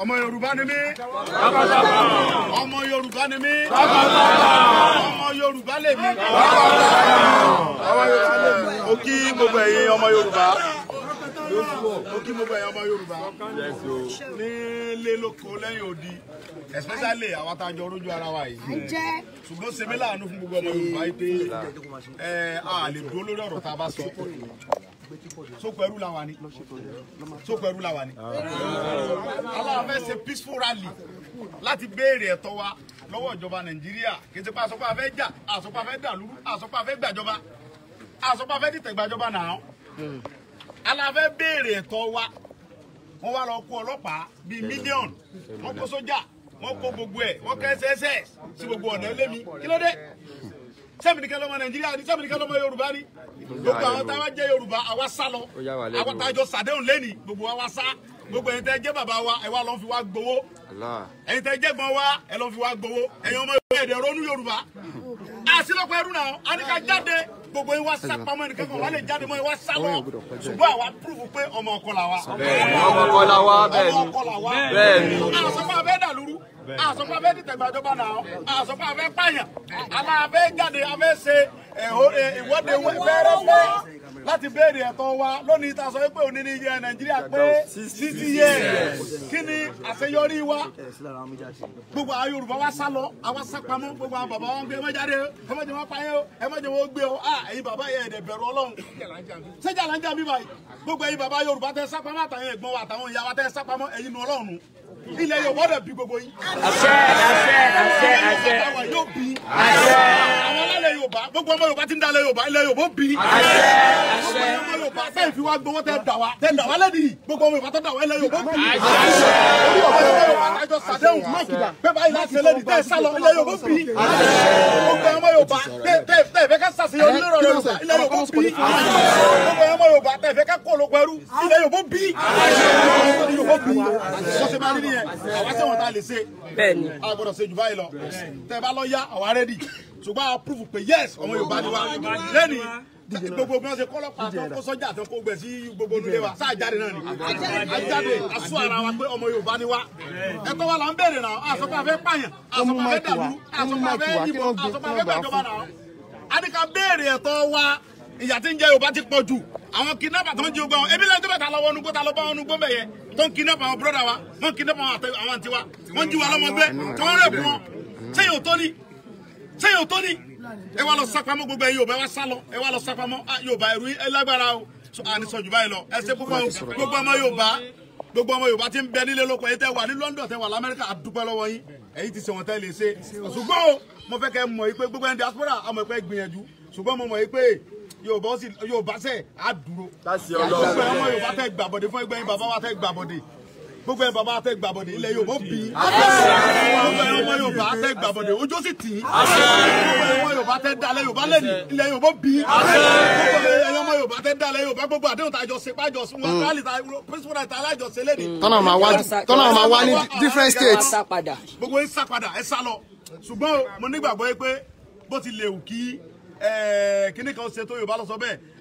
ọmọ yorùbá ni mí. ọmọ yorùbá ni mí. ọmọ yorùbá lè mí. ọmọ yorùbá lè mí. ó gbogbo ẹ̀yin ọmọ yorùbá especially àwọn atajọ orójú ara wa yìí ṣùgbọ́n ṣe láàánú fún gbogbo ọmọ Yorùbá yìí pé a lè dúró lórí ọ̀rọ̀ tá a bá sọ sókò ẹrú la wà ní fẹ́ ṣe peaceful rally láti béèrè ẹ̀tọ́ wa lọ́wọ́ ìjọba nàìjíríà kété àsopá fẹ́ jà àsopá fẹ́ dàlúrú àsopá fẹ́ gbàjọba àsopá fẹ́ dìtẹ̀ gbàjọba náà aláfẹ́ béèrè ẹ̀tọ́ wa wọ́n wá lọ kó ọlọ́pàá bíi mílíọ̀nù wọ́n kó sójà wọ́n kó gbogbo ẹ̀ wọ́n kẹ́ ẹsẹ̀ sí gbogbo ọ̀nà ẹlẹ́mi kí ló dé sẹ́mìnìkan lọ́mọ nàìjíríà ni sẹ́mìnìkan lọ́mọ yorùbá ni gbogbo àwọn táwa jẹ́ yorùbá àwa sá lọ a tájọ sàdéhùn lẹ́nìí gbogbo àwa sá gbogbo ẹ̀yin tẹ́ jẹ́ bàbá wa ẹ̀ wá lọ́ fi wá gbowó ẹ̀yin tẹ́ jẹ́ gbọ́n wa ẹ̀ lọ́ fi wá gbowó ẹ̀yin ọmọ yorùbá ẹ̀dẹ̀ ronú yorùbá àṣìlọ́pọ̀ ẹrú náà a ní ká jáde gbogbo yín wá sá pamọ́ ẹnìkan kan wà lè jáde mọ́ ẹ wá sá lọ ṣùgbọ́n àwa púrúfù pé ọmọ ọkọ là wa. bẹ́ẹ̀ni ọmọ ọkọ là wa bẹ́ẹ̀ni bẹ́ẹ̀ni. àsọpọ̀ abẹ́ dàlúrú àsọpọ̀ abẹ́ tìtẹ̀gbàjọba náà àsọpọ̀ abẹ́ pààyàn àmọ́ abẹ́ jáde abẹ́ ṣe eh, eh, ìwọ́de wẹ́rẹ́wẹ́ láti béèrè ẹ̀tọ́ wa lónìí ta sọ pé òní ní iye nàìjíríà pé sixty years kí ni àṣeyọrí wa gbogbo àwọn yorùbá wa sá lọ àwa sá pamọ́ gbogbo àwọn bàbá wa gbé ẹmọ jáde ẹmọ jẹ wọn pa o ẹmọ jẹ wọn gbé o a ẹ̀yin bàbá yẹn ẹdẹ bẹ̀rù Ọlọ́run sẹjà là ń jà mí báyìí gbogbo ẹ̀yin bàbá yorùbá tẹ sá pamọ́ àtàwọn ẹ̀gbọ́n wa àtàwọn ìyá wa tẹ sá pamọ́ ẹ̀yin nu Ọlọ́run ilẹ̀ yorùbá dẹ̀ yorùbá gbogbo ọmọ yorùbá ti ń da yorùbá ilẹ̀ yorùbá bí. ọmọ yorùbá fi wá gbowó tẹ dà tẹ dà wá gbogbo ọmọ yorùbá tó dà wá ilẹ̀ yorùbá bí. orí ọmọ yorùbá àjọ sàdéhùn mákìdá bẹ́ẹ̀ báyìí láti lẹ́nìí tẹ́ sálọ ilẹ̀ yorùbá bí. gbogbo ọmọ yorùbá tẹ́ ẹ fẹ́ ká sàṣeyọrí lọ́rọ̀ yorùbá ilẹ̀ yorùbá bí. gbogbo ọmọ yorùbá tẹ́ ẹ ká kó olóko ẹrú yorùbá bí. yorùbá bí wọ́n ṣe máa rí nìyẹn àwọn àti àwọn tá ṣùgbọ́n a prove pé yes ọmọ Yorùbá ni wa lẹ́nu gbogbo bí wọ́n ṣe kọ́lọ́pàá tán kó sọ́jà tán kó gbẹ sí gbogbo nílé wa sáà jáde náà ni àjáde àsú ara wa pé ọmọ Yorùbá ni wa ẹ̀kọ́ wa là ń bèrè náà àsọpọ̀ àfẹ́ pààyàn àsọpọ̀ àfẹ́ dàlú àsọpọ̀ àfẹ́ yìnbọn àsọpọ̀ àfẹ́ gbàjọba náà àdìkà béèrè ẹ̀tọ́ wa ìyà tí ń jẹ Yorùbá ti pọ̀ jù àwọn kidnapper tó ń jí ogbà wọn ebi lẹ́yìn tó bẹ̀ ta lọ́wọ́ onugbó ta lọ́wọ́ onugbó bẹ̀ yẹ tó ń kidnap àwọn broda wa wọ́n kidnap àwọn àti wa wọ́n jí wa lọ́mọ tí wọ́n rẹ̀ bù wọn ṣé yóò tó ni sẹ́yìn tó ní ẹ wá lọ sápamọ́ gbogbo ẹ̀yin Yorùbá ẹ wá sá ẹ wá lọ sápamọ́ ah, Yorùbá ẹ̀rú ẹ lágbára o ànisọ báyìí lọ ẹ ṣe gbogbo ọmọ Yorùbá gbogbo ọmọ Yorùbá ti ń bẹ nílé lóko ẹ̀yin tẹ́ wà ní London tẹ́ wà l'Amẹ́ríkà a dúpẹ́ yín ẹ̀yin ti ṣèwọ̀n tẹ́ lè ṣe ṣùgbọ́n o mo fẹ́ kẹ́ mọ̀ yìí pé gbogbo ẹni diaspora àmọ̀ ìpẹ́ gbìyànjú ṣùgbọ́n mo mọ̀ yìí pé Yorùbá sẹ̀ á dúró gbogbo ọmọ Yorùbá tẹ́ gbàbọ̀dé fún ẹgbẹ́ yín bàbá wa tẹ́ gbàbọ̀dé gbogbo ẹ̀ bàbá afẹ́ gbàbọ̀dé ilẹ̀ Yorùbá bí i gbogbo ẹ̀ ọmọ Yorùbá afẹ́ sì tì í gbogbo ẹ̀ ọmọ Yorùbá tẹ́ dalẹ̀ Yorùbá lẹ́nu ilẹ̀ Yorùbá bí i gbogbo ẹ̀ ọmọ Yorùbá tẹ́ dalẹ̀ gbogbo àdéhùn tá a sún wọn rálì tá a pèsè wọn mm. tá a lájọ ṣe lẹ́nu. tọ́nà máa wá ní different states. gbogbo ẹ̀ sá padà ẹ̀ sá lọ ṣùgbọ́n mo nígbàgbọ́ pé bó ti lè wù kí eh, kíní ṣe tó Yorùbá lọ sọ bẹ́ẹ̀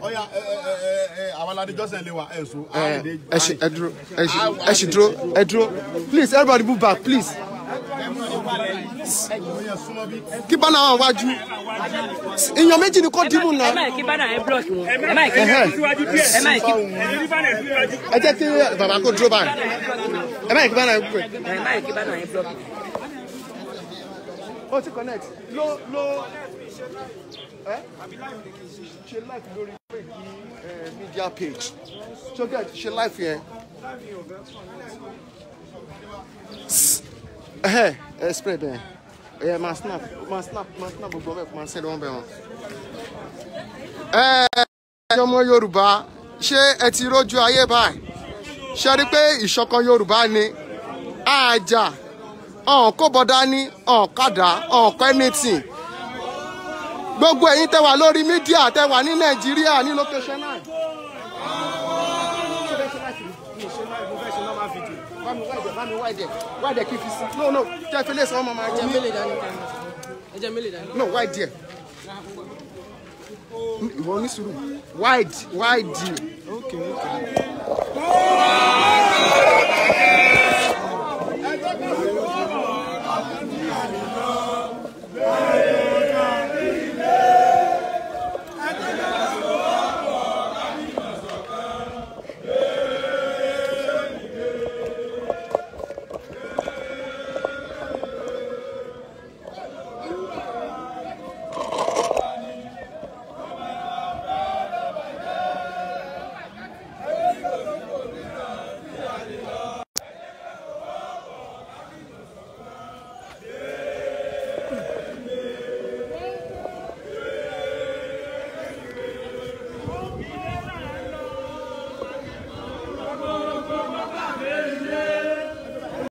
ọyà eh, eh, eh, àwọn aládé jọ́sẹ̀ lè wà dúró ẹ please everybody move back please. kí bánà wà wájú èèyàn méjì ni kò dìbò náà. ẹ máa kí bánà ẹ búlọ̀kì wọn ẹ máa kí ẹ máa kí. ẹ jẹ́ kí bàbá kò dúró báyìí ẹ máa kí bánà ẹ búlọ̀kì ó ti connect ló ló ẹ ṣe live lórí page eh, media page so get ṣe live yẹn. ẹ ẹ spread ẹ ẹ máa snap máa snap máa snap gbogbo ọbẹ̀ máa send wọn bẹ̀ wọn. ẹ ẹ ọmọ yorùbá ṣé ẹ ti rójú ayé báyìí ṣe rí i pé ìṣọ̀kan yorùbá ni àjà ọ̀n kó bọ̀dá ní ọ̀n kàdá ọ̀n kọ́ anything gbogbo ẹ̀yin tẹ́ wà lórí mídíà tẹ́ wà ní nàìjíríà ní location náà. wáìdì ẹ̀ no no okay okay.